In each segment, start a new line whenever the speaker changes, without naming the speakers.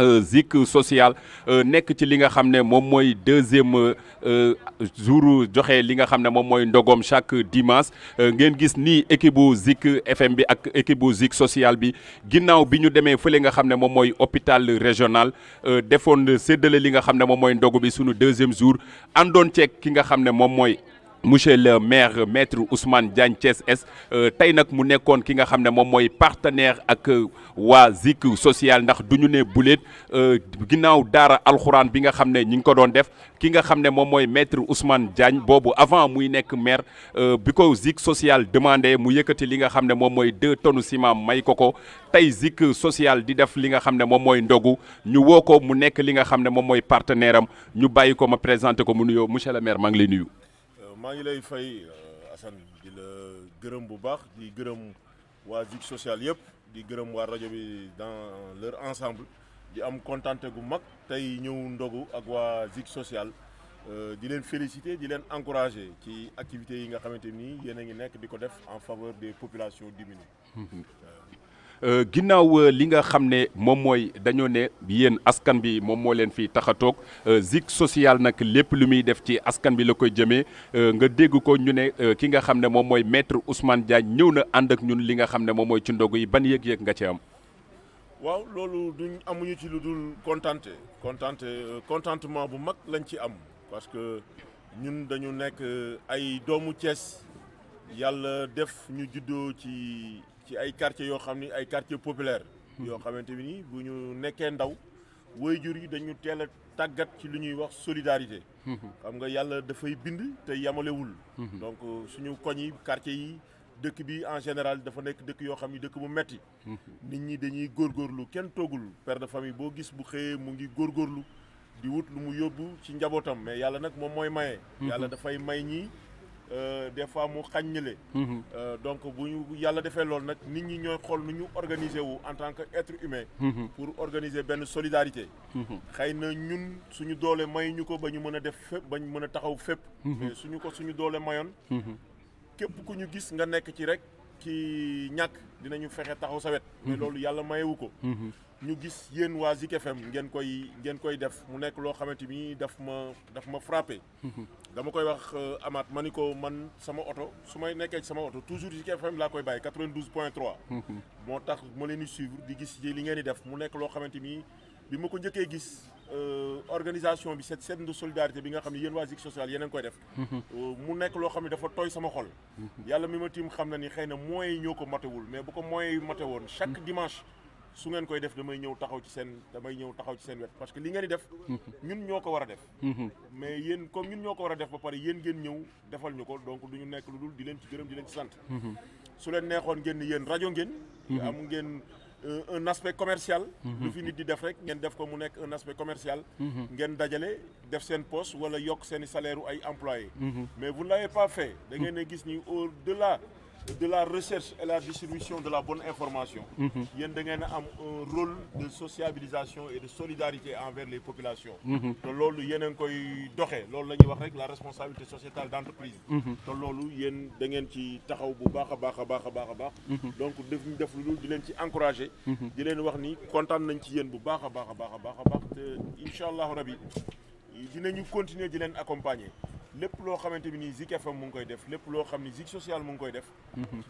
Euh, zik social euh, nek ci li nga ne moy deuxième euh, jour joxé li nga xamné mom moy ndogom chaque dimanche ngeen gis ni équipe zik FM bi ak équipe zik social bi ginnaw bi ñu demee fële nga xamné mom moy hôpital régional defoon c'est li nga xamné mom moy mooy ndogu deuxième jour Andon ceeg ki nga xamné monsieur le maire maître Ousmane Diagne S Est euh, tey nag mu nekkone ki nga xam mom wa ziku partenaire ak euh, social ndax duñu né boulet euh ginnaw dara alcorane bi nga xam ñing ko doon def ki nga xam mom moy maître Ousmane Diagne bobu avant muy nekk maire euh Zik social demandé mu yëkëti li nga xam mom moy 2 deux tonnes ciment may koko tay Zik social di def li nga xam mom moy ndogu ñu woko mu nekk li nga xam mom moy partenaire am ñu bayiko ma présenter ko mu nuyo monsieur le maire maa ngi lay
je fay euh, Assane di la gërëm bu baax di dans leur ensemble di am content gu mag tay ñëw ndogu ak Social euh, di leen féliciter di leen encourager ci activités yi nga en faveur des populations diminuées.
Euh, ginnaaw euh, li nga xam ne moom mooy dañoo ne yéen askan bi moom moo leen fi taxatoog a toog euh, Social nag lépp lu muy def ci askan bi la koy jëmee nga dégg ko ñu ne ki nga xam ne moom mooy maître Ousmane jaañ ñëw na ànd ak ñun li nga xam ne moom mooy ci ndogu yi ban yëg-yëg nga ci am.
waaw loolu duñ amuñu ci lu dul contenté contenté contentement bu mag lañ ci am parce que ñun dañu nekk ay doomu Cees yàlla def ñu juddoo ci. ci ay quartiers yo xamni ay populaires. yoo nous ni buñu nekké ndaw wayjur yi dañu teel a ci luñuy wax solidarité. xam nga da fay bind te wul donc suñu koñ yi quartiers yi dëkk bi en général dafa nekk dëkk yoo xam dëkk bu metti nit ñi dañuy góorgóorlu kenn togul père de famille boo gis bu xëyee mu ngi góorgóorlu di wut lu mu yóbbu ci njabootam mais yàlla nag moom mooy maye. Mhm. yàlla may euh, des fois mu xagnelé ñële mhm. euh, donc bu ñu yàlla defee loolu nag nit ñi ñoy xol nuñu organiser wu en tant que être humain mhm. pour organiser ben solidarité mhm. xëy na ñun suñu doolé may ñuko bañu mëna def bañu mëna taxaw fep suñu ko suñu doole mayoon képp ku ñu gis nga nekk ci rek ci ñàkk ñu fexe taxaw sa wet mais loolu yàlla mayewu ko ñu gis yéen waa Zik ngeen koy ngeen koy def mu nekk loo xamante ni daf ma daf ma frappé dama koy wax euh, Amath ma ni ko man sama oto su may nekkee sama oto toujours Zik FM laa koy bàyyi 92 point 3 moo tax ma leen di suivre di gis li ngeen di def mu nekk loo xamante ni bi ma ko njëkkee gis Euh, organisation bi cette scène de solidarité bi nga xam ne yéen waa Zik Social yeneen koy def. Mhm. Euh, mu nekk loo xam ne dafa tooy sama xol. Mhm. yàlla mi ma tiim xam na ni xëy na ñoo ko matewul mais bu ko moyens matewoon chaque mhm. dimanche. su ngeen koy def damay ñëw taxaw ci seen wet parce que li ngeen di def. ñun ñoo ko war a def. mais yéen comme ñun ñoo ko war a def ba pare yéen ngeen ñëw defal ñu ko donc du ñu nekk lu dul di leen ci gërëm di leen ci sant. su leen Euh, un aspect commercial. Vous mhm. finissez de di def rek un aspect commercial. Vous avez un poste ou un salaire salaire employé. Mhm. mais vous ne l'avez pas fait. Vous avez ni au delà de la recherche et la distribution de la bonne information. Mhm. yéen da ngeen a am un rôle de sociabilisation et de solidarité envers les populations. Mhm. te loolu yéen a ngi koy doxee loolu la ñuy wax rek la responsabilité sociétale d'entreprise. entreprise. Mhm. te loolu yéen da ngeen ci taxaw bu baax a baax a baax donc def ñu def lu dul di leen ci encouragé. di leen wax ni kontaan nañ ci yéen bu baax a baax a baax te incha allahu rabi dinañu continuer di leen accompagner lépp loo xamante ni Zik FM mu ngi koy def lépp loo xam ni Zik social mu ngi koy def.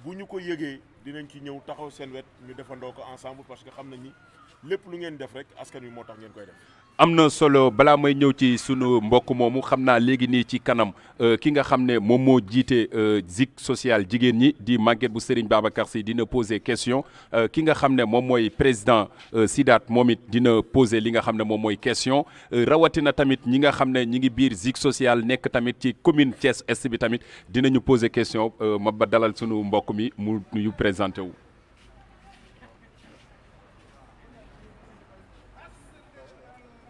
bu ñu ko yëgee dinañ ci ñëw taxaw seen wet ñu defandoo ko ensemble parce que xam nañ ni lépp lu ngeen def rek askan wi moo tax ngeen koy def.
Amnon solo bala may ñew ci sunu mbokk momu xamna naa ni ci kanam euh, ki nga euh, Zik social jigen ñi di Maguette bu Serigne Babacar poser question euh, ki nga xam mom moy président sidat momit dina poser li nga xam mom moy question question rawatina tamit ñi nga Zik social nek tamit ci commune Thiès Est bi tamit dinañu poser question ma ba dalal sunu mbokk mi mu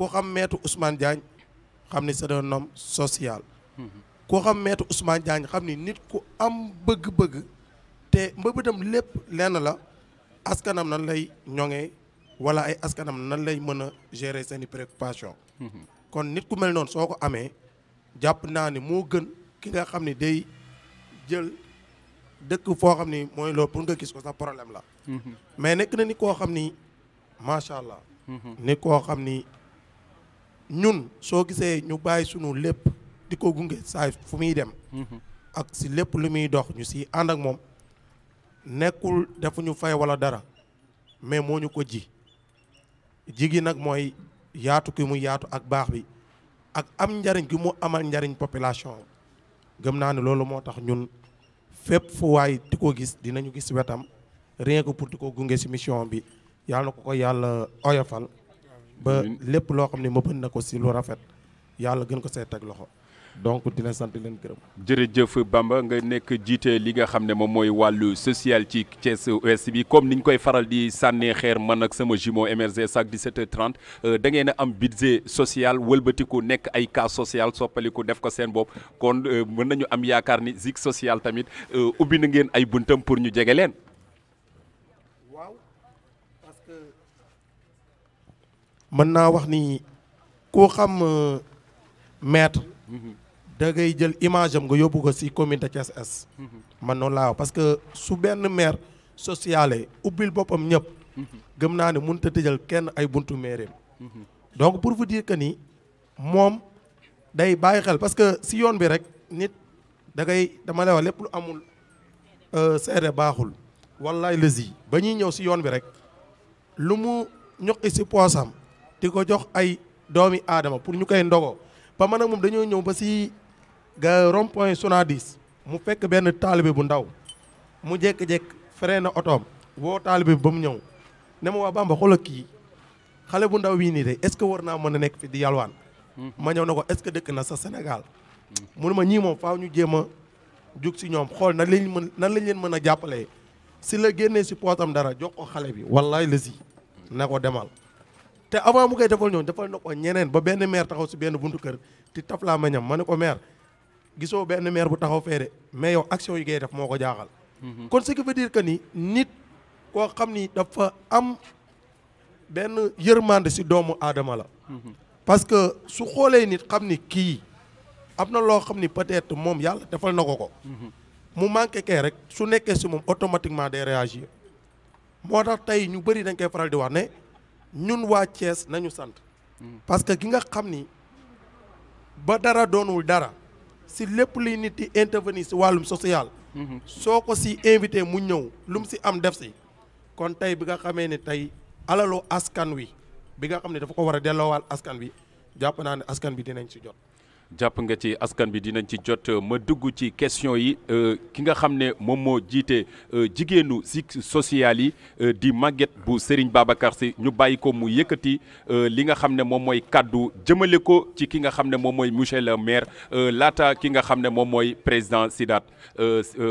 ku xam maître Ousmane Diagne xam ni c'est un social. ku xam maître Ousmane Diagne xam ni nit ku am bëgg-bëgg te mbëbëtam lépp lenn la askanam nan lay ñoŋee wala ay askanam nan lay mën a gérer seen i préoccupation kon nit ku mel noonu soo ko amee jàpp naa ni moo gën ki nga xam ni day jël dëkk foo xam ni mooy loolu pour nga gis ko sax problème la mm-hmm. mais nekk na ni koo xam ni macha allah. Mm-hmm. ni koo xam ni ñun soo gisee ñu bàyyi sunu lépp di ko gunge saa fu muy dem. Mm-hmm. ak si lépp lu muy dox ñu si ànd ak moom nekkul defu ñu fay wala dara mais moo ñu ko ji jigi nag mooy yaatu ki mu yaatu ak baax bi ak am njariñ ki mu amal njariñ population gëm naa ne loolu moo tax ñun fépp fu waay di ko gis dinañu gis wetam rien ko pour di ko gunge si mission bi yàlla na ko ko yàlla oyofal ba lépp loo xam ne mëbën na ko si lu rafet yàlla gën ko see teg loxo donc dina leen sant leen gërëm.
jërëjëf Bamba nga nekk jiite li nga xam ne moom mooy wàllu sociale ci Thiès Ouest bi comme niñ koy faral di sànnee xeer man ak sama jumeau MRG chaque 17h30 euh, dangeen a am budget sociale wëlbatiku nekk ay cas social soppaliku def ko seen bopp kon euh, mën nañu am yaakaar ni Zik sociale tamit euh, ubbi na ngeen ay buntam pour ñu jege leen.
mën naa wax ni ku xam euh, maître mhm. da ngay jël image am nga yóbbu ko si commune de Thiès Est mhm. man noonu laa wax parce que su benn maire sociale ubbil boppam ñëpp mhm. gëm naa ne mënut a tëjal kenn ay buntu maireem donc pour vous dire que nii moom day bàyyi xel parce que si yoon bi rek nit da ngay dama lay wax lépp lu amul euh, seede baaxul wallaay lësi ba ñuy ñëw si yoon bi rek lu mu ñoqi si poosam di ko jox ay doomi aadama pour ñu koy ndogoo ba man ak moom dañoo ñëw ba si ga rond point Sonadis mu fekk benn taalibe bu ndaw mu jékki-jékki feree na otoom woo taalibe bi ba mu ñëw ne ma waa Bamba xoolal kii xale bu ndaw bii nii de est ce que war naa mën a nekk fi di yalwaan mm-hmm. ma ñëw na ko est ce que dëkk na sa Sénégal munu ma ñii moom faaw ñu jéem a jug si ñoom xool na lañ mën nan lañ leen mën a jàppalee si la génnee si pootam dara jox ko xale bi wallaay la si ne ko demal te avant mu koy defal ñoon defal nako ñeneen ba benn maire taxaw si benn buntu kër ti taf la mañam mané ko maire gisoo benn maire bu taxaw fee de mais yow action yi ngay def moo ko jaaxal mhm. kon ce qui veut dire que ni nit koo xam ni dafa am benn yërmande si doomu aadama la mhm. parce que su xoolee nit xam ni kii am na loo xam ni peut être moom yàlla defal na ko ko mhm. mu manqué kee rek su nekkee si moom automatiquement day réagir moo tax tey ñu bëri dañ koy faral di wax ne ñun waa Thiès nañu sant parce que ki nga xam ni ba dara doonul dara si lépp liy nit di intervenir si wàllum social soo ko si invité mu ñëw lu mu si am def si kon tey bi nga xamee ne tey alaloo askan wi bi nga xam ne dafa ko war a delloowaal askan wi jàpp naa ne askan bi dinañ si jot
jàpp askan bi dinañ ci jot euh, ma dugg ci question yi euh, ki nga xam ne moom moo euh, di Maguette bu Serigne Babacar Sy ñu bàyyi ko mu yëkkati li nga xam ne moom mooy ko ci ki nga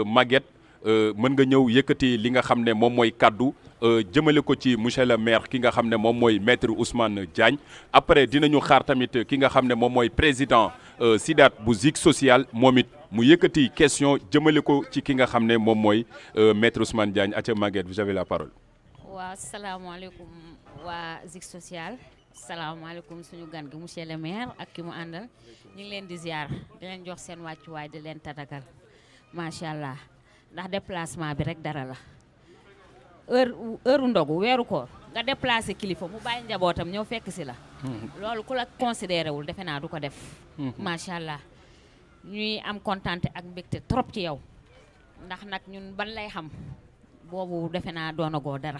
monsieur euh, mën nga ñëw yëkëti li nga xam ne moom mooy kàddu euh, jëmale ko ci monsieur le maire ki nga xam ne moom mooy maître Ousmane Diagne après dinañu xaar tamit ki nga xam ne moom mooy président euh, SIDAT bu Zik social moom it mu yëkkati question jëmale ko ci ki nga xam ne moom mooy maître Ousmane Diagne aca Maguette vous avez la parole.
waaw salaamaaleykum waa Zik social salaamaaleykum suñu gan gi monsieur le maire ak ki mu àndal ñu ngi leen di ziar di leen jox seen wàccuwaay di leen tadagal macha allah. ndax déplacement bi rek dara la heure heure ndogu weeru koor nga déplacé kilifa mu bàyyi njabootam ñëw fekk si la. Mhm. loolu ku la considéré wul defe naa du ko def. Mhm. macha allah ñuy am kontaan ak mbégte trop ci yow ndax nag ñun ban lay xam boobu defe naa doonagoo dara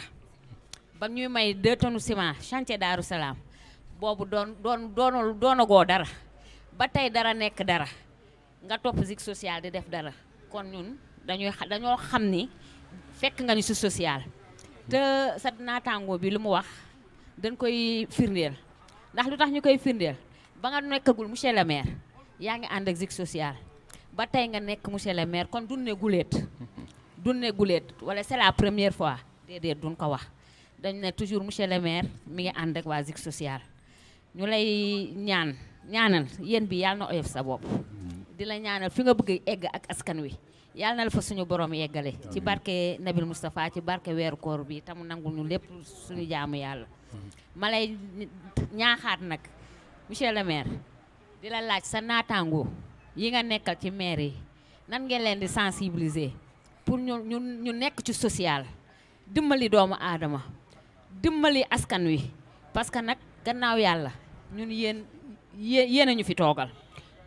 ba ñuy may deux tonnes ciment chantier Daaru boobu doon doon doonul doonagoo dara ba tey dara nekk dara nga topp zik di def dara kon ñun. dañuy dañoo xam ni fekk nga ñu si social. te sa naataangoo bi lu mu wax dañ koy firndeel ndax lu tax ñu koy firndeel ba nga nekkagul monsieur le maire yaa ngi ànd ak zik social ba tey nga nekk monsieur le maire kon dun ne guleet dun ne wala c'est la première fois déedéet duñ ko wax dañ ne toujours monsieur le maire mi ngi ànd ak waa zik social ñu lay ñaan ñaanal yéen bi yàlla na oyof sa bopp mm-hmm. di la ñaanal fi nga bëgg egg ak askan wi yàlla na la fa suñu borom yeggalee ci barke Nabil mustafaa ci barke weeru koor bii tam nangu ñu lépp suñu jaamu yàlla ma lay ñaaxaat nag monsieur le maire di la laaj sa naataangoo yi nga nekkal ci maire yi nan ngeen leen di sensibiliser pour ñu ñu ñu nekk ci social dimbali doomu aadama dimbali askan wi parce que nag gannaaw yàlla ñun yéen yéen a ñu fi toogal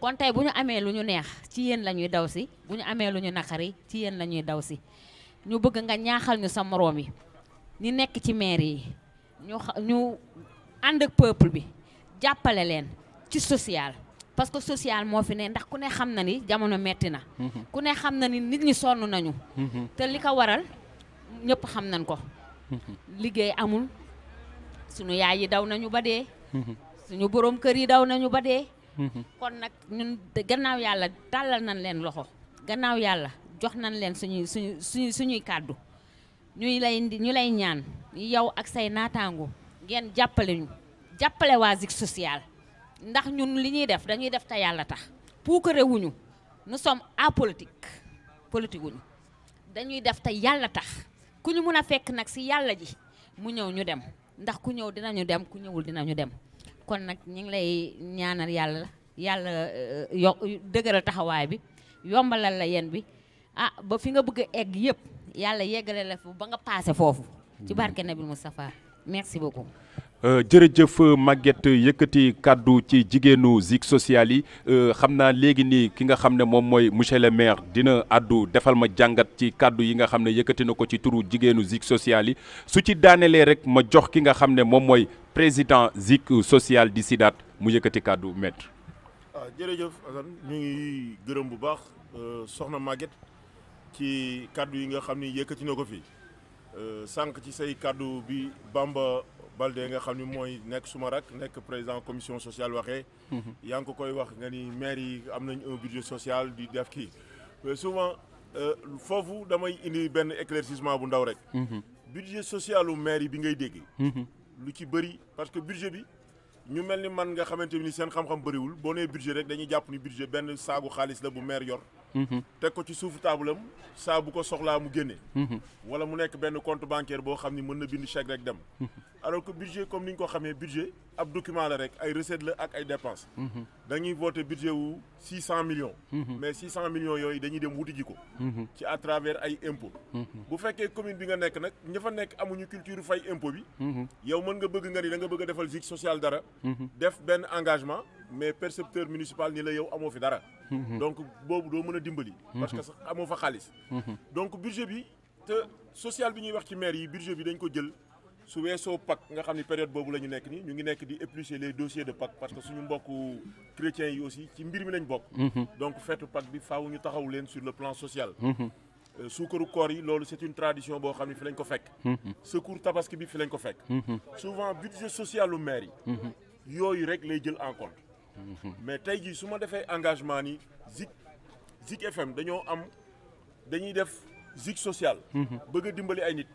kon tey bu ñu amee lu ñu neex ci yéen la ñuy daw si bu ñu amee lu ñu naqari ci yéen la ñuy daw si ñu bëgg nga ñaaxal ñu sa moroom yi ñu nekk ci maire yi ñu ñu ànd ak bi jàppale leen ci social parce que social moo fi ne ndax ku ne xam na ni jamono metti na mm-hmm. ku ne xam na ni nit ñi sonn nañu mm-hmm. te li ko waral ñëpp xam nañ ko mm-hmm. liggéey amul suñu yaay yi daw nañu ba dee suñu borom kër yi daw nañu ba dee kon nag ñun gannaaw yàlla tàllal nañ leen loxo gannaaw yàlla jox nañ leen suñuy suñu su suñuy kàddu ñuy lay ñu lay ñaan yow ak say naataango ngeen jàppale ñu jàppale waa Zik social ndax ñun li ñuy def dañuy def te yàlla tax puukare wuñu som sommes apolitique politique wuñu dañuy def te yàlla tax ku ñu mun a fekk nag si yàlla ji mu ñëw ñu dem ndax ku ñëw dinañu dem ku ñëwul dinañu dem kon nag ñu ngi lay ñaanal yàlla yàlla eh, yo dëgëral taxawaay bi yombalal la yenn bi ah ba fi nga bëgg egg yëpp yàlla yeggale la fu ba nga paase foofu ci barke mm-hmm. Nabil Moustapha merci beaucoup.
Euh, jërëjëf Maguette yëkëti kàddu ci jigéenu Zik Social yi euh, xam naa léegi nii ki nga xam mom moy monsieur le maire dina addu defal ma jangat ci kàddu yi nga xam yëkëti nako ci turu jigéenu Zik Social yi su ci daanelee rek ma jox ki nga xam mom moy président Zik Social di sidat mu yëkëti cadeau maître.
ah jërëjëf Assane ñu ngi gërëm bu baax euh, soxna Maguette ci kàddu yi nga xam yëkëti nako fi euh, sànq ci say cadeau bi Bamba Balde, nga xamni moy nek suma rak nek président commission sociale waxé mhm. yang ko koy wax nga ni maire yi un budget social di def mais souvent vous euh, damay indi ben éclaircissement bu ndaw rek. Mhm. budget social ou maire bi ngay dégg. Mhm. lu ci bëri parce que budget bi ñu melni man nga xamanteni sen xam-xam bëriwul boo nee budget rek dañuy japp ni budget ben sagu xaliss la bu maire yor. Mm-hmm. teg ko ci suuf taabalam saa bu ko soxlaa mu génne. Mm-hmm. wala mu nekk benn compte bancaire boo xam ni mën na bind chèque rek dem. Mm-hmm. alors que budget comme ni ko xamee budget ab document la rek ay recette la ak ay dépenses. Mhm. dañuy voté budget wu six cent millions. Mhm. mais six cent millions yooyu dañuy dem wuti ji ko. Mhm. ci à travers ay impôts. bu fekkee commune bi nga nekk nag ña fa nekk amuñu culture fay impôt bi. yow mën nga bëgg nga ni da nga bëgg a defal vie sociale dara. def benn engagement mais percepteur municipal ni la yow amoo fi dara. donc boobu doo mën a dimbali. parce que sax amoo fa xaalis. donc budget bi te social bi ñuy wax ci maire yi budget bi dañ ko jël su weesoo PAC nga xam ni période boobu la ñu nekk nii ñu ngi nekk di éplucher les dossiers de PAC parce que suñu mbokku chrétiens yi aussi ci mbir mi lañ bokk. Mhm. donc feetu PAC bi faaw ñu taxaw leen sur le plan social. Mhm. Euh, suukaru koor yi loolu c'est une tradition boo xam ne fi lañ ko fekk. Mhm. secours tabaski bi fi lañ ko fekk. souvent budget social lu maire yi. yooyu rek lay jël en compte. mais tey jii su ma defee engagement ni Zik Zik FM dañoo am dañuy def zig social. sociale, a dimbali ay nit.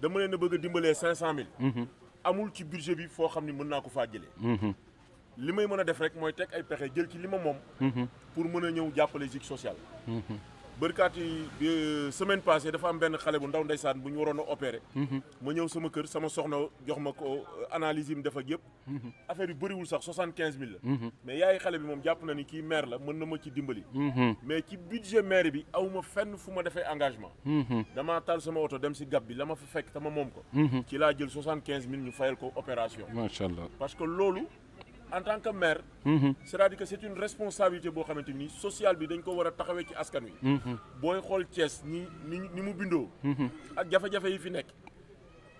dama leen a bëgg a budget bi foo xam Je mën naa ko faa def rek pour qu'ils puissent social bërkaat yi euh, semaine passée dafa am benn xalé bu ndaw ndeysaan bu ñu waroon a opéré. Mhm. ma ñëw sama kër sama soxna jox ma euh, analyse yi mu def ak yëpp. Mhm. affaire yu bëriwul sax 75000 la. Mhm. mais yaay xalé bi moom japp na ni ki maire la mën na ma ci dimbali. mais ci budget maire bi awuma fenn fu ma défé engagement. Dama tal sama auto dem ci gab bi lama fa fekk te ma moom ko. ci la jël 75000 ñu fayal ko opération. Machallah. parce que lolu en tant que maire. Mhm. c'est-à-dire que c'est une responsabilité boo xamante ni sociale bi dañ ko war a taxawee ci askan wi. Mhm. booy xool Thiès ni ni ni mu bindoo. Mhm. ak jafe-jafe yi fi nekk.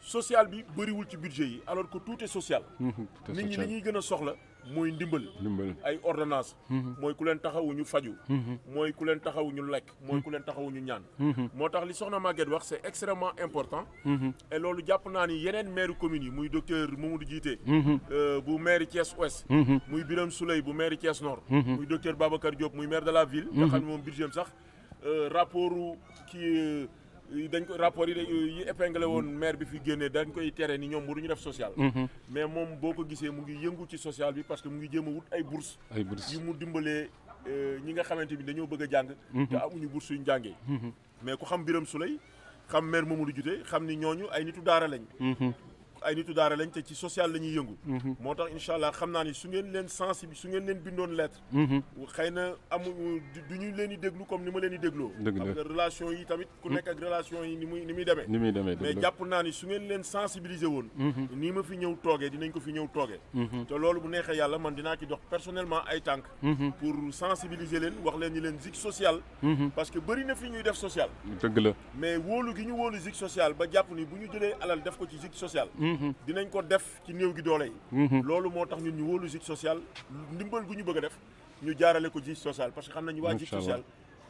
social bi bëriwul ci budget yi alors que tout est social.
nit ñi li ñuy
gën a soxla moy ndimbal. ndimbal ay ordonnance moy mm-hmm. ku len taxawu ñu faju moy mm-hmm. ku len taxawu ñu lekk. moy mm-hmm. ku len taxawu ñu ñaan. motax li soxna Maguette wax c'est extrêmement important. et lolu japp naa ni yeneen maire commune yi muy docteur Mamadou Djité. Euh, bu maire Thiès Ouest. muy biram Souley bu maire Thiès Nord. muy docteur Babacar Diop muy maire de la ville. nga xam mom budget sax euh, rapport kii. Euh, dañ ko rapport yi yi épinglé woon maire dañ koy tere ni ñoom waruñu def social mhm. mais moom boo ko gisee mu ngi yëngu ci social bi parce que mu ngi jéem a wut ay bourse yu mu dimbalee euh, ñi nga xamante ni dañoo bëgg a jàng mhm. te amuñu bourse yu jàngee mhm. mais ku xam Birame Souleye xam maire Mamadou Diouf xam ni ñooñu ay nitu daara lañ ay nitu daara lañ te ci social lañuy ñuy yëngu mhm. moo tax incha allah xam naa ni su ngeen leen sensibiliser su ngeen leen bindoon lettre mhm. xëy na amu du ñu leen di déglu comme ni ma leen di dégloo xam relation yi tamit ku mhm. nekk ak relation yi ni muy ni muy demee mais jàpp naa ni su ngeen leen sensibiliser woon ni ma fi ñëw toogee dinañ ko fi ñëw toogee te loolu bu neexee yàlla man dinaa ci dox personnellement ay tànk pour sensibiliser leen wax leen ni leen zik social parce que bëri na fi ñuy def social dëgg la mais wóolu gi ñu wóolu zik social ba jàpp ni bu ñu jëlee alal def ko ci zik social dinañ ko def ci néew gi doole yi mhm. loolu moo tax ñun ñu wóolu justice sociale ndimbal gu ñu bëgg a def ñu jaarale ko justice sociale parce que xam nañu waa justice sociale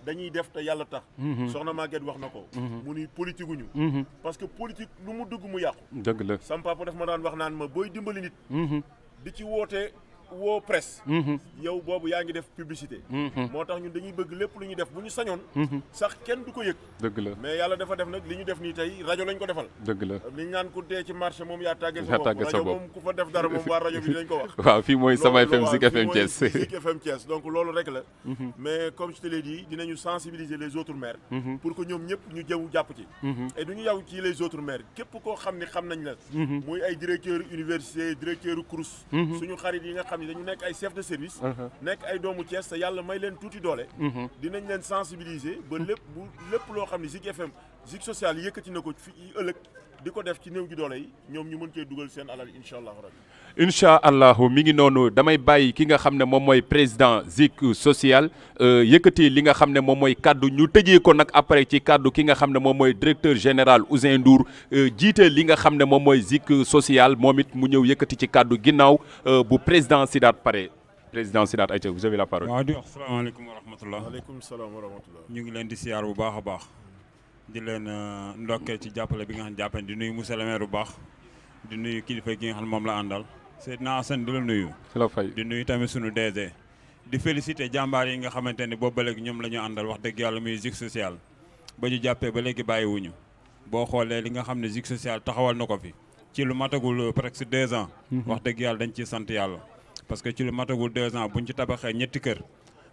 dañuy def te yàlla tax mhm. soxna Maguette wax na ko mhm. mu ni politique parce que politique lu mu dugg mu yàqu
dëgg la sam
daf ma daan wax naan ma booy dimbali
nit
di ci woote woo presse. Mhm. yow boobu yaa ngi def publicité. Mhm. moo tax ñun dañuy bëgg lépp lu ñuy def bu ñu sañoon. Mhm. sax kenn du ko yëg. dëgg la mais yàlla dafa def nag li ñu def nii tey rajo lañ ko defal. dëgg la li ñu naan ku dee ci marché moom yaa tàgge sa bopp rajo moom ku fa def dara moom waa rajo bi dinañ ko wax. waaw fii mooy Sama FM Zik FM Thiès. Zik FM Thiès donc loolu rek la. mais comme je te l'ai dit dinañu sensibiliser les autres maires. pour que ñoom ñëpp ñu jëw jàpp ci. et du ñu yaw ci les autres maires képp koo xam ne xam nañ la. muy ay directeur université directeur crous suñu xarit yi nga xam ni dañu nekk ay chef de service mhm. nek ay doomu Thiès te yàlla may leen tuuti doole mhm. dinañ len sensibiliser ba lepp bu lépp loo xam ne Zik FM Zik Social yëkëti nako fi ëllëg di ko def ci néew gi doole yi ñoom ñu mën cee dugal seen alal incha allahu
rabbi incha allahu mi ngi noonu damay bàyyi ki nga xam ne moom mooy président Zik social euh, yëkkati li nga xam ne moom mooy kaddu ñu tëjee ko nag après ci kaddu ki nga xam ne moom mooy directeur général Ousin Ndour euh, jiite li nga xam ne moom mooy Zik social moom it mu ñëw yëkkati ci kaddu ginnaaw euh, bu président Sidaat pare président Sidaat Aïcha vous avez la parole. waaw di wax salaamaaleykum wa
rahmatullah. waaleykum salaam wa rahmatullah. ñu ngi leen di siyaar bu baax a baax. di leen euh, ndokkee ci jàppale bi nga xam ne di nuyu monsieur le maire bu baax di nuyu kilifa gi nga xam ne moom la àndal Seydina Assane di la nuyu. la fay di nuyu tamit sunu DG. di félicité jàmbaar yi nga xamante ne boobu ba léegi ñoom la ñu àndal wax dëgg yàlla muy Zik Social ba ñu jàppee ba léegi bàyyiwuñu boo xoolee li nga xam ne Zik Social taxawal na ko fi ci lu matagul euh, presque deux ans. Mhm. wax dëgg yàlla dañ ciy sant yàlla. parce que ci lu matagul ans bu buñ ci tabaxee ñetti kër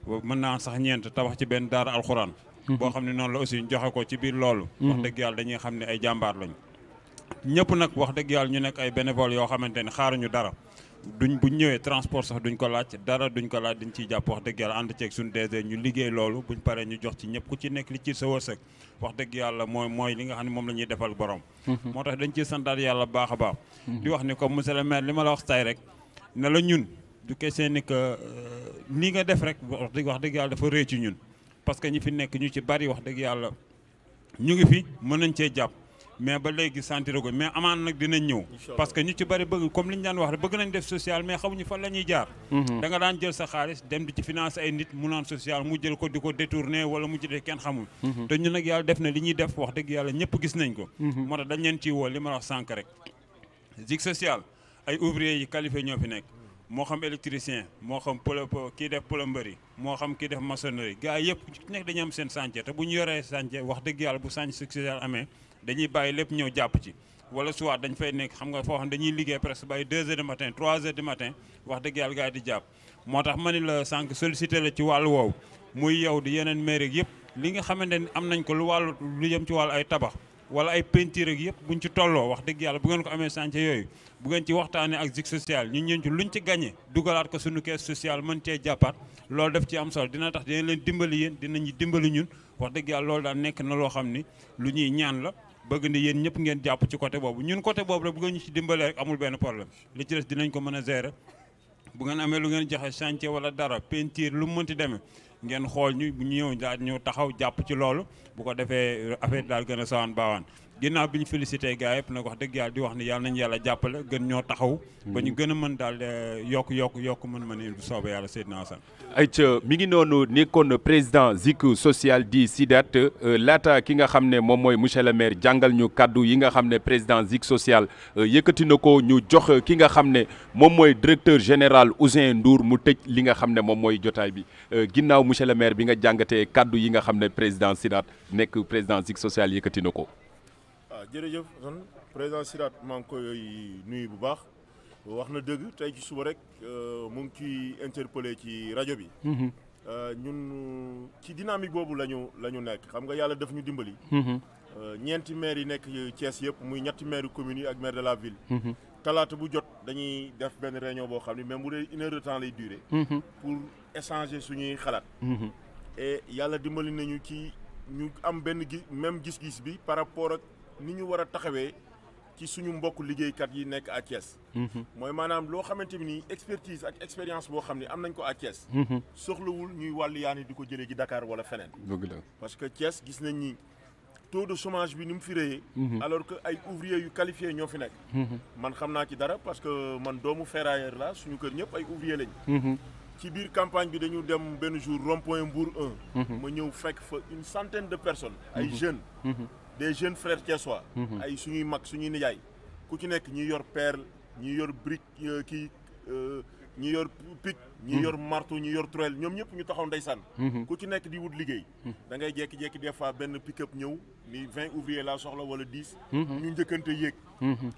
mën naa sax ñeent tabax ci benn daara alxuraan boo mhm. xam ne noonu la aussi ñu joxe ko ci biir loolu mhm. wax dëgg yàlla dañuy xam ne ay jàmbaar lañ ñëpp nag wax dëgg yàlla ñu nekk ay bénévole yoo xamante ne xaaruñu dara duñ bu ñëwee transport sax duñ ko laaj dara duñ ko laaj dañ ciy jàpp wax dëgg yàlla ànd ceeg suñu DG ñu liggéey loolu buñ paree ñu jox ci ku ci nekk li ci sa wax dëgg yàlla mooy mooy li nga xam ne moom la ñuy defal borom mhm. moo tax dañ ciy santaat yàlla baax a baax di wax ni comme monsieur le maire li ma la wax tay rek ne la ñun du kese ni que euh, ni nga def rek wax dëgg wax dëgg yàlla dafa rëy ci ñun parce que ñi fi nekk ñu ci bari wax dëgg yàlla ñu ngi fi mën nañ cee jàpp mais ba léegi sentir ko mais amaan nag dinañ ñëw parce que ñu ci bari bëgg comme li ñu daan wax rek bëgg nañ def social mais xamuñu fan la ñuy jaar mhm. da nga daan jël sa xaalis dem di ci financer ay nit mu naan social mu jël ko di ko détourner wala mu ci kenn xamul mhm. te ñu nag yàlla def na li ñuy def wax dëgg yàlla ñëpp gis nañ ko mhm. moo tax dañ leen ciy li ma wax sànq rek zig social ay ouvrier yi qualifié ñoo fi nekk mo xam électricien mo xam pl ki def plomberie mo xam ki def maçonnerie gars yep nek dañu am sen chantier te buñu yoré yoree chantier wax deug yalla bu chantier succession amé dañuy bayyi lepp ñew japp ci wala soit dañ fay nek xam nga fo xam dañuy liggé presque bay 2 h du matin 3 h du matin wax deug yalla gars di japp motax tax la sank solliciter la ci walu wow muy yow di yenen mairie yep li nga xamante am nañ ko lu walu lu jëm ci wàllu ay tabax wala ay peinture ak yëpp buñ ci tolloo wax dëgg yàlla bu ngeen ko amee chantier yooyu bu ngeen ci waxtaanee ak zig social ñun ñeen lu ñu ci gagné dugalaat ko suñu caisse sociale mën cee jàppaat loolu def ci am solo dina tax dina leen dimbali yéen dinañu dimbali ñun wax dëgg yàlla loolu daan nekk na loo xam ni lu ñuy ñaan la bëgg ni yéen ñëpp ngeen jàpp ci côté boobu ñun côté boobu rek bu ngeen ñu ci dimbalee amul benn problème li ci des dinañ ko mën a gérer bu ngeen amee lu ngeen joxe chantier wala dara peinture lu mu mënti demee ngeen xool ñu bu ñëw daal taxaw jàpp ci loolu bu ko defee affaire daal gën a sawaan baawaan ginnaw biñu ñu félicité gars yëpp wax deug yàlla di wax ni yalla nañu yalla jàppale gën ñoo taxaw. ba ñu hmm. gën a mën daal eh, yok yokk yokk mën-mën yi bu soobee yàlla Seydina Assane.
ayca mi ngi noonu nekkoon président Zik social di Sidat euh, lata ki nga xamné mom moy monsieur le maire jangal ñu kaddu yi nga xamné président Zik social euh, yëkëti nako ñu jox ki nga xamné mom moy directeur général Ousseyn Ndour mu tëj li nga xamné mom moy mooy bi euh, ginnaw monsieur le maire bi nga jàngatee kaddu yi nga xamné président Sidat nekk président Zik social yëkëti nako
waaw jërëjëf son président sirat maa ngi koy nuy bu baax wax na dëgg tey ci suba rek euh, mu ngi ciy interpellé ci rajo bi. Mhm. Euh, ñun ci dynamique boobu lañu lañu la nekk xam nga yàlla daf ñu dimbali. Mhm. Euh, ñeenti maire yi nekk Thiès yëpp muy ñetti maire commune yi ak maire de la ville. Mhm. talaata bu jot dañuy def benn réunion boo xam ne même bu dee une heure de temps lay durer. pour échanger suñuy xalaat. et yàlla dimbali nañu ci ñu am benn gi même gis-gis bi par rapport ak ni ñu war a ci suñu mbokk kat yi nek à Thiès. hmm moy manam lo xamanteni nii expertise ak expérience bo xamni am nañ ko à Thiès. hmm soxlawul ñuy walu yaani diko ko ci Dakar wala feneen. dëgg la parce que Thiès gis nañ ni taux de chômage bi ni fi réyé mhm. alors que ay ouvriers yu qualifiés ñoo fi nek hmm man xamna ci dara parce que man doomu ferrailleur la suñu kër ñëpp ay ouvriers lañ. Mhm. ci biir campagne bi dañu dem benn jour rond point Mbour 1. Mhm. ma ñëw fekk fa une centaine de personnes. ay jeunes des jeunes frères qui mhm. ay suñuy mag suñuy nijaay ku ci nek ñi yor perle ñi yor brique euh, ki euh, ñi yor pic ñi mhm. yor marteau ñi yor truelle ñom ñu taxaw mhm. ku ci di wut da ngay des pick-up ni ouvriers la soxla wala ñu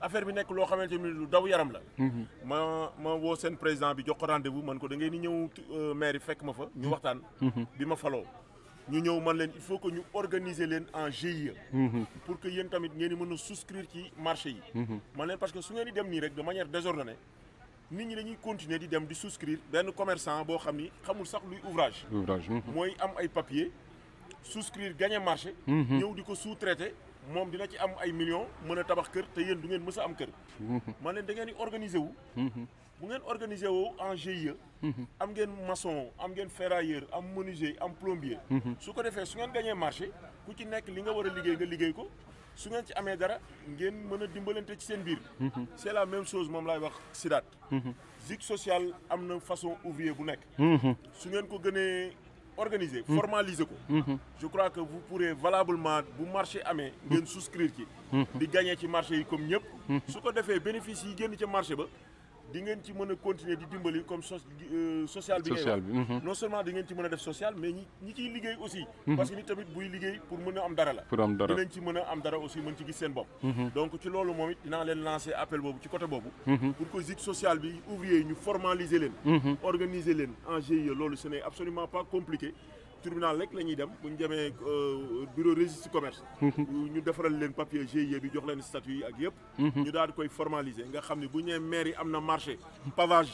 affaire bi nek lo xamanteni daw yaram la ma ma président bi jox vous man ko da ngay ni euh, maire ma fa ñu waxtaan ñu ñëw man il faut que ñu organiser en GIE. Mhm. pour que yeen tamit ngeen di souscrire ci marché yi. Mhm. man parce que su ngeen di dem ni rek de manière désordonnée nit ñi dañuy continuer di dem di souscrire Ben commerçant bo xamni xamul sax luy ouvrage. ouvrage moy mhm. am ay papier souscrire gagner marché. ñëw diko sous-traiter mom dina ci am ay millions mën tabax kër te yeen du ngeen mësa am kër. man leen da ngeen di organiser wu bu ngeen organiser woo en GIE. Mhm. am ngeen maçon am ngeen ferrailleur am menuisier am plombier. Mhm. su ko su ngeen gañee marché ku ci nekk li nga war a liggéey nga liggéey ko su ngeen ci amee dara ngeen mën a ci seen biir. Mhm. c'est la même chose moom laay wax Sidaat. zig social am façon ouvrier bu nekk. su ngeen ko gënee organiser formaliser ko. je crois que vous pourrez valablement bu marché amee ngeen souscrire ci. di gagner ci marché yi comme ñëpp. su ko defee bénéfice yi génn ca marché ba di ngeen ci mën continuer di dimbali comme so euh, social bi ngay mhm. non seulement di ngeen ci mën def social mais ñi ñi ciy liggéey aussi mhm. parce que ni tamit buy liggéey pour mëna am dara la dinañ ci mëna am dara aussi mën ci gis seen bop mhm. donc ci lolu momit dina leen lancer appel bobu ci côté bobu pour que zik social bi ouvrier ñu formaliser leen organiser leen en GIE lolu ce n'est absolument pas compliqué tribunal rek lañuy dem buñu ñu demee euh, bureau registre commerce. Mhm. ñu défaral leen papier GIE bi jox leen statut yi ak yépp mhm. ñu daal di koy formaliser nga xamni bu ñé maire yi am marché pavage.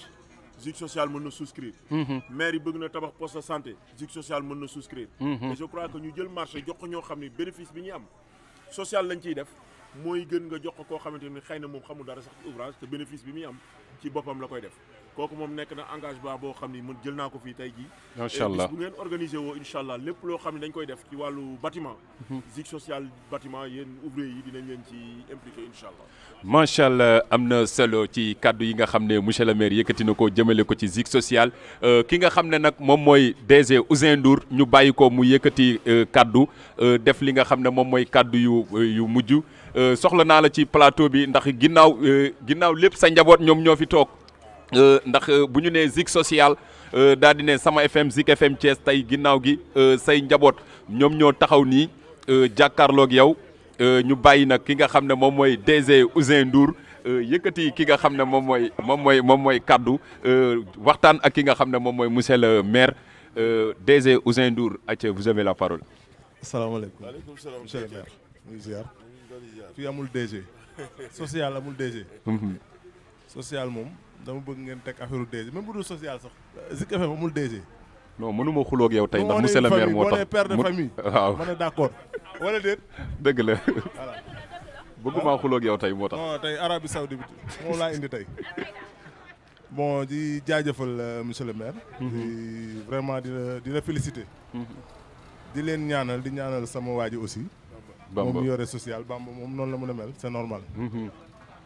Zig Social mën na souscrire. Mhm. maire yi bëgg na tabax poste de santé Zig Social mën na souscrire. et je crois que ñu jël marché jox ko ñoo xam ne bénéfice bi ñuy am social lañ ciy def mooy gën nga jox ko koo xamante ne xëy na moom xamul dara sax ouvrage te bénéfice bi muy am ci boppam la koy def kooku mom nek na engagement bo xamni ni jël nako fi tay ji inshallah bu ngeen organiser woo incha allah lépp loo dañ koy def ci walu bâtiment. Mhm. zik social bâtiment yeen ouvrier yi dinañ leen ci impliquer inshallah
allah. macha allah am solo ci cadeau yi nga xam monsieur le maire yëkëti nako jëmele ko ci zik social euh ki nga xam nak mom moy DG Ouzin Ndour ñu bayiko mu yëkëti cadeau euh, euh def li nga xam mom moy cadeau kàddu yu euh, yu mujj euh, soxla na la ci plateau bi ndax ginnaw ginnaw lepp sa njabot ñom ñofi tok euh, ndax euh, bu ñu Zik Social euh, di ne sama FM Zik FM ties tay ginnaw gi euh, say njaboot ñom ñoo taxaw ni nii euh, jàkkaarloog yow euh, ñu bàyyi nag ki nga xam mom moy mooy DG Ouzin euh, yëkkati ki nga xam mom moy mom moy mom moy mooy euh, waxtaan ak ki nga xam mom moy monsieur le maire euh, DG Ouzin Ndour acca vous avez la parole. asalaamaaleykum
maaleykum salam monsieur le maire. muy ziar fi amul DG. social amul DG. Mhm. social mom dama bëgg ngeen teg affaire DG même bu dul social sax Zik FM amul DG.
non mënuma xuloog yow tey ndax monsieur le maire moo tax père de famille waaw ma ne d'accord wala déet dëgg la voilà bëgguma ah. xuloog yow tey moo tax arab
tey Arabie bi moom laa indi tey bon di jaajëfal euh, monsieur le maire mhm. di vraiment di la di la féliciter mhm. di leen ñaanal di ñaanal sama waa aussi moom yore social Bamba moom noonu la mun a mel c'est normal mhm.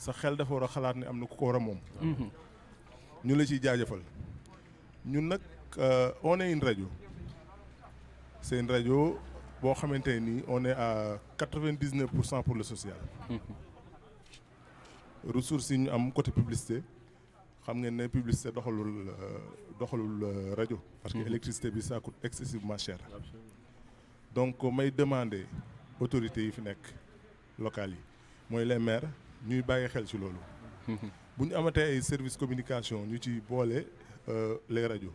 sa xel dafa war a xalaat ne am na ku ko war a moom. Mhm. ñu la ciy jaajëfal. ñun nag euh, on est une rajo c'est une rajo boo xamante nii on est à quatre-vingt-dix-neuf pour cent pour le social. Mhm. ressources yi ñu am côté publicité xam ngeen ne publicité doxalul euh, doxalul euh, rajo. parce que mhm. électricité bi ça coûte excessivement cher. donc may demander autorités yi fi nekk locales yi mooy les maires ñuy bàyyi xel ci loolu. bu ñu amatee ay service communication ñu ci boole euh, les radios.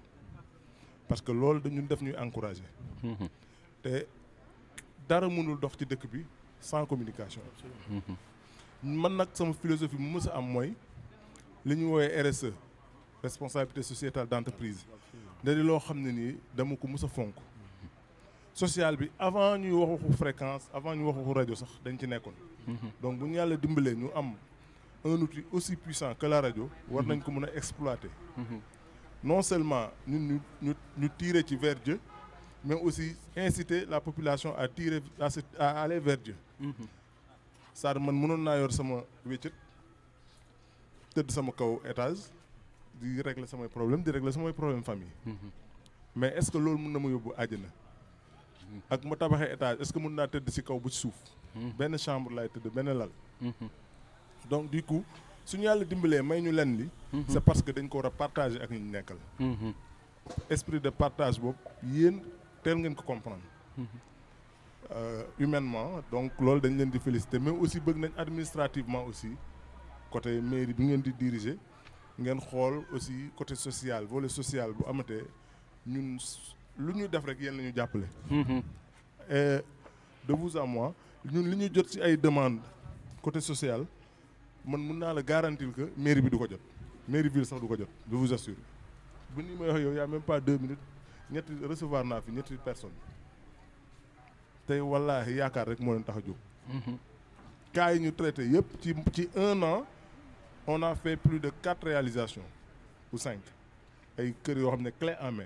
parce que loolu dañu def ñuy encourager. te dara mënul dox ci dëkk bi sans communication. man nag sama philosophie mu mës a am mooy li ñu RSE e, responsabilité sociétale d'entreprise da di loo xam ne nii dama ko mës a fonk. social bi avant ñuy wax waxu fréquence avant ñuy wax waxu radio sax dañ ci nekkoon donc nous ñu un outil aussi puissant que la radio war nañ ko mën exploiter. non seulement nous ñu ñu ñu tirer vers Dieu mais aussi inciter la population à tirer à à aller vers Dieu. Saar man mënoon naa yor sama mon tëdd sama kaw étage di régler mes problème de régler problèmes problème famille. mais est-ce que loolu mën na ma ak ma tabaxee étage est-ce que mën naa tëdd si kaw bu ci suuf. Hmm. benn chambre lay tëdd benn lal. Hmm. donc du coup suñu yàlla dimbalee may ñu lenn li. Hmm. c'est parce que dañ ko war a partager ak ñu nekkal. esprit de partage boobu yéen teel ngeen ko comprendre. Euh, humainement donc loolu dañ leen di féliciter mais aussi bëgg nañ administrativement aussi côté mairie bi ngeen di diriger ngeen xool aussi côté social volet social bu amatee ñun. L'Union d'Afrique, def rek a la mhm. de vous à moi l'Union d'Afrique a jot demande côté social Mon mun naa la garantir que mairie bi du ko jot mairie ville sax du ko faire, je vous assure. Il n'y a même pas deux minutes de recevoir la personne. il n'y a wallaahi yaakaar rek moo leen tax a jóg. Mhm. cas moi, il traité yëpp depuis un an on a fait plus de quatre réalisations ou cinq Et que yoo xam clé en main.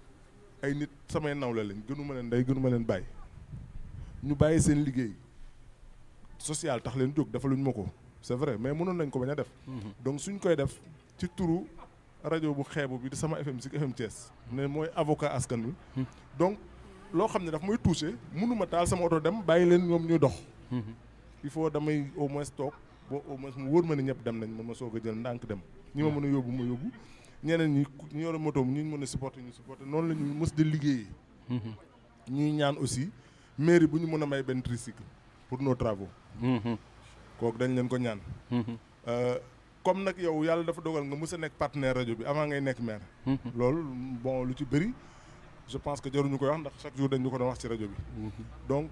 ay nit samay nawle lañ gënuma leen day gënuma len bàyyi ñu bàyyi seen liggéey social tax len jóg dafa luñ ma c'est vrai mais mënon nañ ko bañ def mhm. donc suñ koy def ci turu radio bu xébu bi di sama FM ci FM Thiès né moy avocat askan wi mhm. donc lo xam daf moy touché mënuma taal sama auto dem bàyyi len ñom ñu dox mhm. il faut damay au moins tok bo au moins mu wóor ma ni ñep dem nañ ma soga jël ndank dem ñima mëna mën a yóbbu ma yóbbu nous ñi ñu yore moto ñu supporter ñu supporter Nous la ñu mm-hmm. aussi mairie bu tricycle pour nos travaux. Mm-hmm. Mm-hmm. Euh, comme yow dafa dogal nga un partenaire radio avant ngay maire. bon je pense que nous wax ndax chaque jour ñu ko donc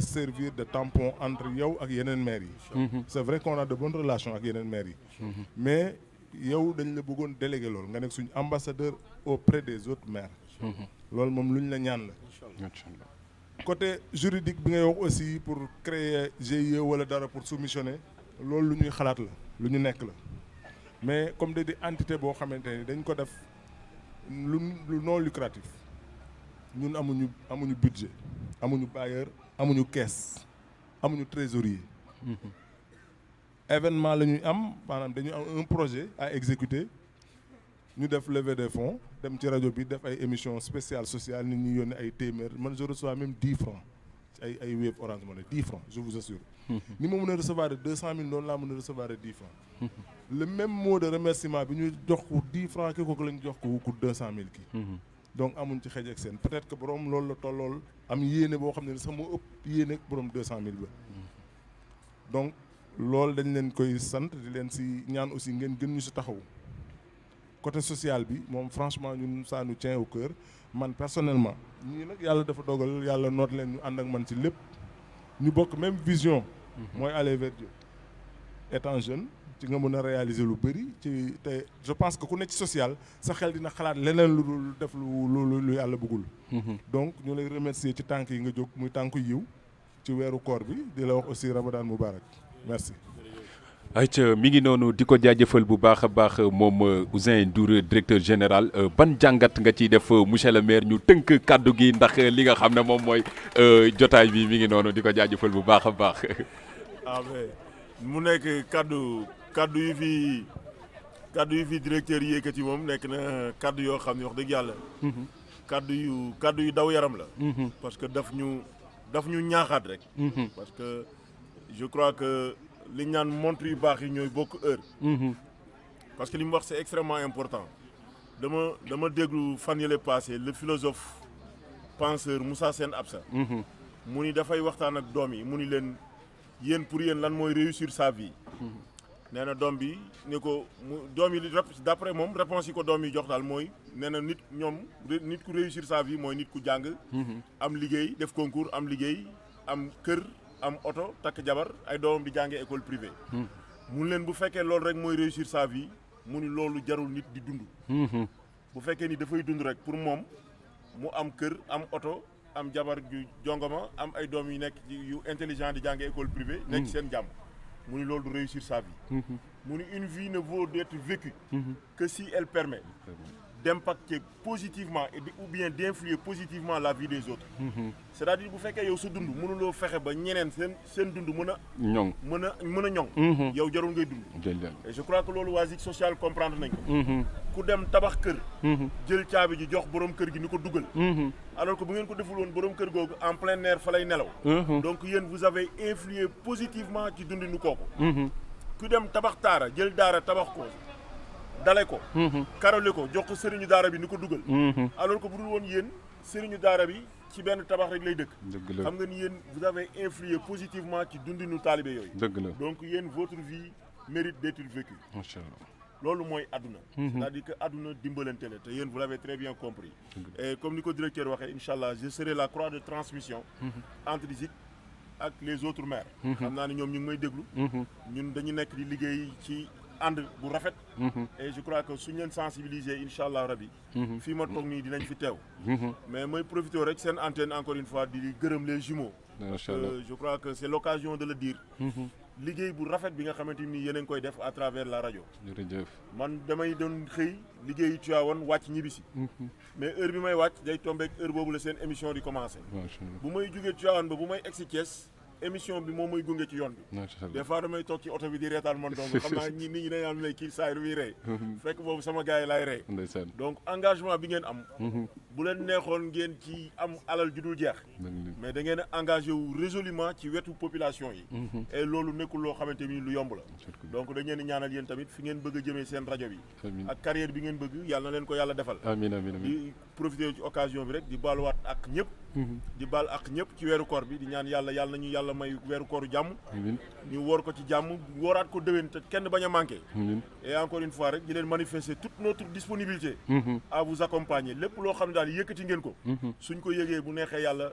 servir de tampon entre yow et Mary maire c'est vrai qu'on a de bonnes relations avec la maire mais y dañ la bëggoon délégué loolu nga nekk ambassadeurs auprès des autres maires. C'est mhm. ce luñ la ñaan côté juridique bi aussi pour créer GIE wala dara pour soumissionner C'est ce que nous la lu mais comme des entités, nous avons fait ni dañ non lucratif Nous avons amuñu budget amuñu bailleur amuñu caisse amuñu trésorier. Mhm événement nous avons un projet à exécuter nous devons lever des fonds dem ci radio bi def ay émission spéciale sociale nous ñu yone ay mais man je reçois même 10 francs ay ay wave orange money 10 francs je vous assure ni mo meuna recevoir 200 000 dollars meuna recevoir 10 francs le même mot de remerciement bi ñu jox 10 francs ke ko lañ 200 000 donc amuñ ci xej ak sen peut-être que borom lool la tollol am yene bo xamné 200 000 donc lol dañ leen koy sant di leen si ñaan aussi ngeen gën ñu si taxaw côté social bi moom franchement ñun ça nous tient au cœur man personnellement ñii nag yàlla dafa dogal yàlla noot leen ñu ànd ak man ci lépp ñu bokk même vision mhm. mooy aller vers Dieu étant jeune ci nga mën a réaliser lu bëri ci te je pense que ku nekk ci social sa xel dina xalaat leneen lu def lu lu yàlla bëggul mhm. donc ñu lay remercier ci tànk yi nga jóg muy tànku yiw ci weeru koor bi di la wax aussi Ramadan mubarak. merci.
ayca mi ngi noonu di ko jaajëfal bu baax a baax moom euh, Ouzin Ndour directeur général euh, ban jàngat nga ciy def euh, monsieur le maire ñu tënk kàddu gi ndax li nga xam ne moom mooy jotaay bi mi ngi noonu di ko jaajëfal bu baax a baax.
ah mu nekk kàddu kàddu yu fi kàddu yu fi directeur yi yëkkati moom nekk na kàddu yoo xam ne wax dëgg yàlla. Mhm. kàddu yu kàddu yu daw yaram la. Mhm. parce que daf ñu ñaaxaat rek. Mhm. je crois que li ñu naan montre yu baax yi ñooy bokk heure. Mhm. parce que li wax c'est extrêmement important dama dama déglu fan yële passé le philosophe penseur Moussa Sène Absa. Mhm. mu ni dafay waxtaan ak doom yi mu ni leen pour yéen lan mooy réussir sa vie. Mhm. nee na doom bi ni ko mu doom yi d'après moom réponse yi ko doom yi jox daal mooy nee nit ñoom nit ku réussir sa vie mooy nit ku jàng. am liggéey def concours am liggéey am kër am auto, tak jabar ay doomam di école privée. mun leen bu féké rek réussir sa vie mu ni loolu jarul nit di dund. bu féké ni fay dund rek pour moi, mu am kër am auto, am jabar ju jongoma am ay intelligent di école privée. nek sen mu ni réussir sa vie. Mhm. une vie ne vaut d'être vécue mhm. que si elle permet d'impacter positivement et ou bien d'influer positivement la vie des autres. Mhm. c'est-à-dire vous faites yow sa dund mënuloo fexe ba ñeneen seen seen dund mën a. ñoŋ mën a mën a ñoŋ. Mhm. yow jarul ngay dund. et je crois que loolu waa Zik social comprendre nañ ko. Mhm. ku dem tabax kër. jël caabi ji jox borom kër gi ni ko dugal. alors que bu ngeen ko deful woon borom kër googu en plein air fa lay nelaw. donc yéen vous avez influé positivement ci dundinu
kooku.
ku dem tabax taara jël daara tabax ko dale ko mhm. karole ko jox ko sëriñu daara bi niko ko mhm. alors que bu dul woon yéen sëriñu daara bi ci benn tabax rek lay dëkk xam nga ni vous avez influé positivement ci dundinu talibé yoy donc yeen votre vie mérite d'être vécue macha allah loolu aduna, mhm. c'est-à-dire que aduna dimbalante la te yeen vous l'avez très bien compris et comme niko directeur waxe inshallah je serai la croix de transmission entre Zik ak les autres maires xam naa ne ñoom ñu ngi may déglu ñun dañu nekk di liggéey ci And bu rafet. Mhm. et je crois que suñ leen sensibiliser inshallah allah rabi. Mhm. fii ma tok ni dinañ fi tew mhm. mais mooy profiter rek sen antenne encore une fois di gërëm les jumeaux. Euh, je crois que c'est l'occasion de le dire. liguey bu rafet bi nga xamanteni ni yéen koy def à travers la radio. man damay xey liguey liggéeyu Tivaouane wàcc ñibbisi. mais heure bi may wacc day tombeek heure bobu la sen émission di commencer bu may jugee Tivaouane ba bu may egg si émission bi moom mooy gunge ci yoon
bi
des
fois damay toog ci oto bi di reetaan man donc xam naa ñi nit ñi dañu am ne kii saa yu rey fekk boobu sama gars yi laay rey donc engagement bi ngeen am mhm. bu leen neexoon ngeen ci am alal ju dul jeex mais da ngeen engagé wu résolument ci wetu population yi mhm. et loolu nekkul loo xamante ni lu yomb la donc dañ leen ñaanal yéen tamit fi ngeen bëgg a jëmee seen rajo bi ak carrière bi ngeen bëgg yàlla na leen ko yàlla defal
amiin amiin di
profité ci occasion bi rek di baaluwaat ak ñëpp Mm-hmm. di bal ak ñëpp ci wéru koor bi di ñaan yàlla yàlla nañu yàlla may wéru kooru jàmm ñu woor ko ci jàmm wooraat ko déwén te kenn bañ a manqué et encore une fois rek di leen manifester toute notre disponibilité mm-hmm. à vous accompagner lépp loo xam ne daal yëkkati ngeen ko mm-hmm. suñ ko yëgee bu neexee yàlla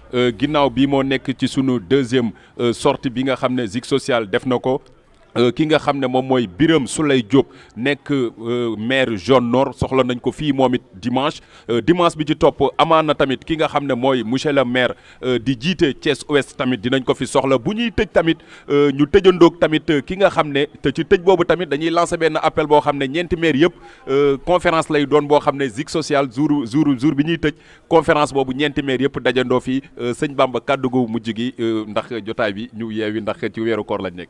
Euh, ginnaw bi mo nek ci sunu deuxième euh, sortie bi nga Social def euh, ki nga xamne mom moy biram soulay Diop euh, maire zone nord soxla nañ ko fi momit dimanche euh, dimanche bi ci top amana tamit ki nga xamne moy monsieur le maire di jiite Thiès Ouest tamit dinañ ko fi soxla buñuy tamit ñu tëjandoog tamit ki nga xamne te ci bobu tamit dañuy lancer un appel bo xamne ñent maire conférence lay doon bo xamne Zik Social jour jour jour biñuy conférence bobu ñent maire yëpp dajandoo fii seigne Bamba kàddu gu mujj gi ndax jotaay bi ñu yewi ndax ci koor lañ nek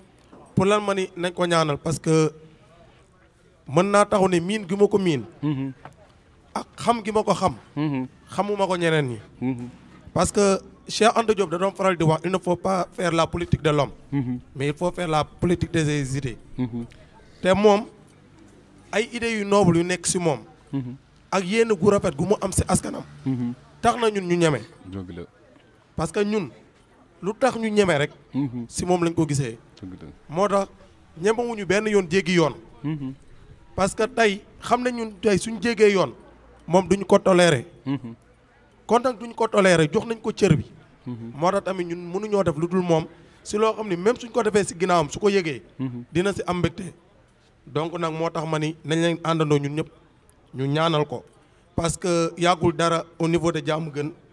pour lan nañ ko ñaanal parce que mën na taxu min, miin gi ma ko hmm ak xam gi ko xam. Mm-hmm. xamuma ko ñeneen hmm parce que Cheikh Anta Diop da doon faral di wax il ne faut pas faire la politique de l'homme mm-hmm. mais il faut faire la politique des idées. Mm-hmm. té mom ay idées yu noble yu nekk mom hmm ak yene gu rafet gu mu am ci askanam. tax na ñun ñu ñame parce que ñun lu tax ñu ñeme rek. Mhm. si moom lañ ko gisee. moo tax ñemewuñu benn yoon jéegi yoon. Mhm. parce que tey xam nañ ñun tey suñ jéggee yoon moom duñ ko toléré. Mhm. kon nag duñ ko toléré jox nañ ko cër bi. moo tax tamit ñun mënuñoo def lu dul moom si loo xam ni même suñ ko defee si am su ko yëgee. dina si am mbégte. donc nag moo tax ma ni nañ lañ àndandoo ñun ñëpp ñu ñaanal ko parce que yàggul dara au niveau de jàmm gën.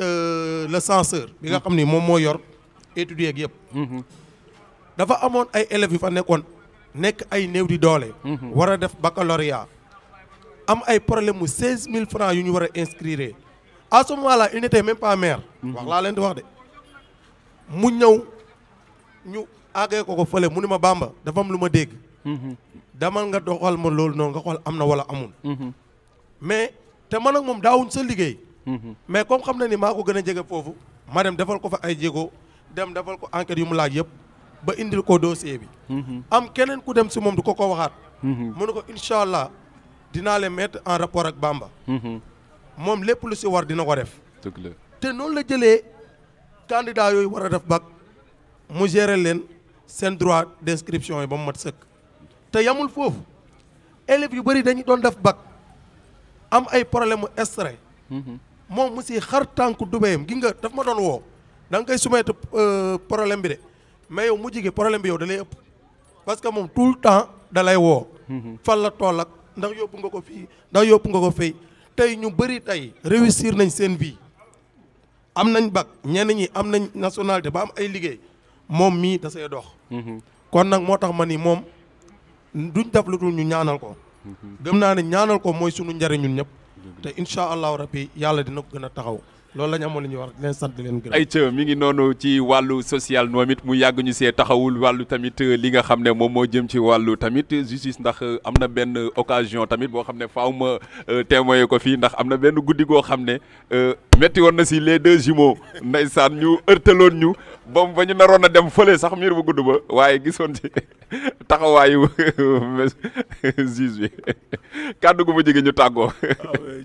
Euh, le censeur. bi nga xam ni moom moo yor étudier ak yëpp. dafa amoon ay élèves qui fa nekkoon nek ay néew di doole. wara def baccalauréat am ay problème mu seize francs yu ñu wara inscrire à ce moment là il n'était même pas maire. wax la leen di wax de mu ñëw ñu àggee ko ko fële mu ni ma Bamba dafa am lu ma dégg. damal nga doxal ma loolu non nga xol amna wala amul. Mhm. mais te man ak mom daawuñ sa liggéey. Mm-hmm. mais comme xam na ni maa ko gën a jege foofu ma dem defal ko fa ay jéego dem defal ko enquête yu mu laaj yëpp ba indil ko dossier bi mm-hmm. am keneen ku dem si moom du ko ko waxaat mm-hmm. mu ne ko incha allah dinaa leen mettre en rapport ak Bamba moom lépp lu si war dina ko def te noonu la jëlee candidat yooyu war a def bac mu gérer leen seen droit d'inscription yi ba mu mat sëkk te yamul foofu élèves yu bëri dañu doon def bac am ay problème mu extrait moom mu si xar tànk dubayam gi nga daf ma doon woo da nga koy soumettre euh, bi de mais yow mu gi problème bi yow da ëpp parce que moom tout le temps da lay woo. Mhm. fan la toll ak ndax yóbbu nga ko fii ndax yóbbu nga ko fii tey ñu bëri tey réussir nañ seen vie am nañ bac ñenn ñi am nañ nationalité ba am ay liggéey moom mii da dox. Mhm. kon nag moo tax ma ni moom duñ def lu ñu ñaanal ko. Mhm. gëm naa ne ñaanal ko mooy sunu njëriñ ñun ñëpp. te incha allahu rabbi yàlla dina ko gën a taxaw loolu la ñu amoon li ñu war leen leen ay
ca mi ngi noonu ci wàllu social moom it mu yàgguñu ñu see taxawul wàllu tamit euh, li nga xam ne moom moo jëm ci wàllu tamit justice ndax euh, am na benn occasion tamit boo xam ne faaw ma euh, témoigner ko fii ndax am na benn guddi goo xam ne metti woon na si les deux jumeaux ndeysaan ñu ërtaloon ñu ba ba ñu naroon a dem fële sax miir ba gudd ba waaye gisoon ci taxawaayu juge bi kàddu gu ma jege ñu tàggoo ah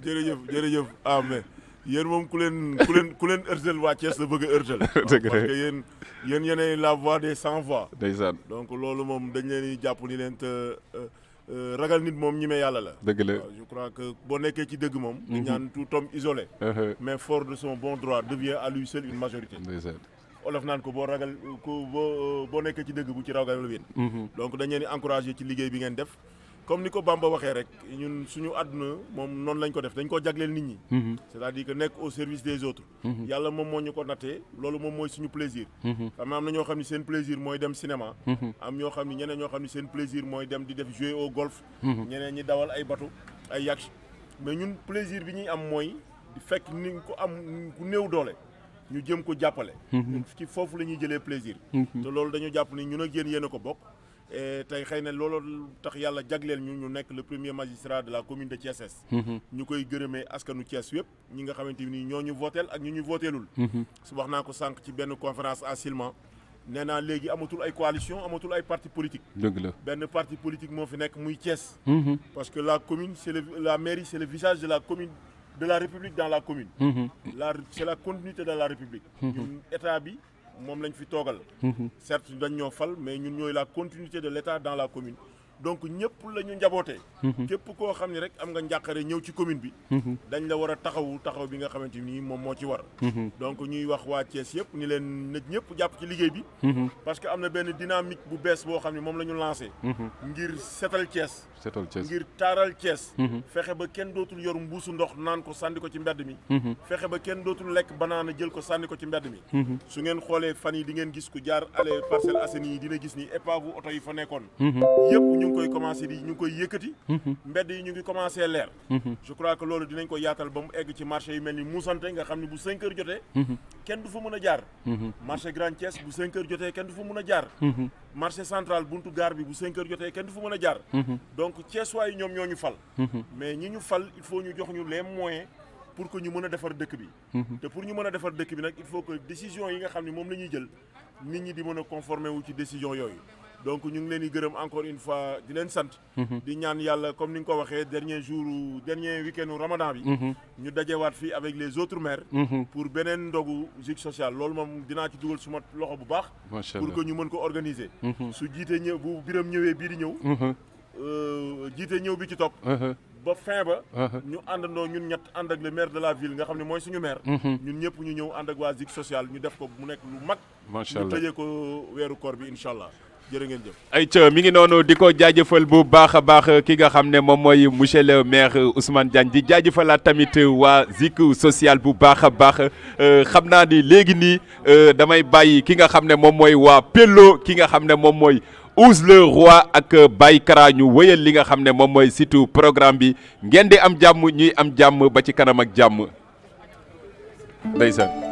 jërëjëf jërëjëf amen yéen moom ku leen ku leen ku leen ërtal waa Thiès la bëgg a ërtal parce que yéen yéen yéenay la voix des sans voix ndeysaan donc loolu moom dañ leen di jàpp ni leen te euh, euh, ragal nit moom ñi mee yàlla la dëgg la je crois que boo nekkee ci dëgg moom ñu mhm. ñaan tout homme isolé uh-huh. mais fort de son bon droit devient à lui seul une majorité ndeysaan olof naan ko boo ragal ko boo boo nekkee ci dëgg bu ci ragal win mhm. donc dañ leen di encouragé ci liggéey bi ngeen def comme niko Bamba waxee rek ñun suñu aduna mom non lañ ko def dañ ko jagleel nit ñi mhm. c'est-à-dire que nek au service des autres mhm. yalla mom moo ñu ko nattee loolu moom mooy suñu plaisir mhm. xam am na ñoo xam seen plaisir moy dem cinéma am ño xamni ñeneen ño xamni seen plaisir moy dem di def jouer au golf ñeneen ñi dawal ay batu ay yacht mais ñun plaisir bi ñuy am moy di fekk ni ko am ku néew doole ñu jëm ko jappalé ci foofu la ñuy plaisir té lolu dañu japp ni ñun ak yéen yéen ko bokk et c'est xëy na tax le premier magistrat de la commune de Thiès. Mhm. ñu koy gërëmee askanu Thiès yëpp ñi nga nous ni ñoo ñu vooteel ak ñu ñu vooteelul. Mhm. su wax naa ko sànq ci benn conférence à Silman nee naa léegi amatul ay coalition amatul ay parti politique. dëgg le parti politique moo fi nekk muy mhm. parce que la commune c'est la mairie c'est le visage de la commune de la république dans la commune. la c'est la continuité de la république. ñun état bi lañ fi mhm. certes nous ñoo fal mais nous avons la continuité de l'État dans la commune donc ñëpp la ñu njabootee mhm. képp koo xam ne rek am nga njàqare ñëw ci commune bi mhm. dañ la war a taxawu taxaw bi nga xamante ni moom moo ci war mhm. donc ñuy wax waa Thiès yëpp ni leen nit ñëpp jàpp ci liggéey bi parce que am na dynamique bu bees boo xam ne moom la ngir setal Thiès
setal Thiès ngir
taral Thiès fexe ba kenn dootul yor mbuusu ndox naan ko sànni ko ci mbedd mi fexe ba kenn dootul lekk banaana jël ko sànni ko ci mbedd mi su ngeen xoolee fan yi di ngeen gis ku jaar ale Parcelles Assainies yi dina gis ni épave oto yi fa nekkoon yëpp ñu ngi commencé di ñu ngi koy yëkkati. Mhm. mbedd yi ñu ngi commencé leer. Mhm. je crois que loolu dinañ ko yaatal ba mu egg ci marché yu mel ni Moussante nga xam bu 5 mhm. heures jotee. kenn du fa mën jaar. marché Grand Thiès bu 5 heures jotee kenn du fa mën jaar. marché central buntu gaar bi bu 5 heures jotee kenn du fa mën jaar. donc Thiessois yi ñoom ñoo ñu fal. mais ñi ñu fal il faut ñu jox ñu les moyens. pour que ñu mën a defar dëkk bi. te pour ñu mën a defar dëkk bi nag il faut que décision yi nga xam ne moom la ñuy jël nit ñi di mën conformer wu ci décision yooyu donc ñu ngi leen di gërëm encore une fois di leen sant. Mhm. di ñaan comme ni avons ko dernier jour dernier week-end Ramadan bi. Mhm. ñu dajewaat fait avec les autres maires. Mhm. pour beneen ndogu zik social loolu moom dinaa ci dugal suma loxo bu baax. pour que ñu puissions ko organiser. su jiitee ñëw bu biram ñëwee bii di ñëw. Euh, jiite ñëw bi ci top. ba fin ba ñu àndandoo ñun ñett ànd ak le maire de la ville nga xam ne mooy suñu maire ñun ñëpp ñu ñëw ànd ak waa Zik social ñu def ko mu nekk lu mag ñu tëjee ko weeru koor bi jërë ngeen
ay mi ngi noonu di ko jaajëfal bu baax a baax ki nga xam ne moom mooy monsieur le maire Ousmane Diagne di jaajëfalaat tamit euh, waa Zik social bu baax a baax euh, xam naa ni léegi nii euh, damay bàyyi ki nga xam ne moom mooy waa Pello ki nga xam ne moom mooy Ouz le roi ak Baye Kara ñu li nga xam ne moom mooy surtout programme bi ngeen di am jàmm ñuy am jàmm ba ci kanam ak jàmm ndeysaan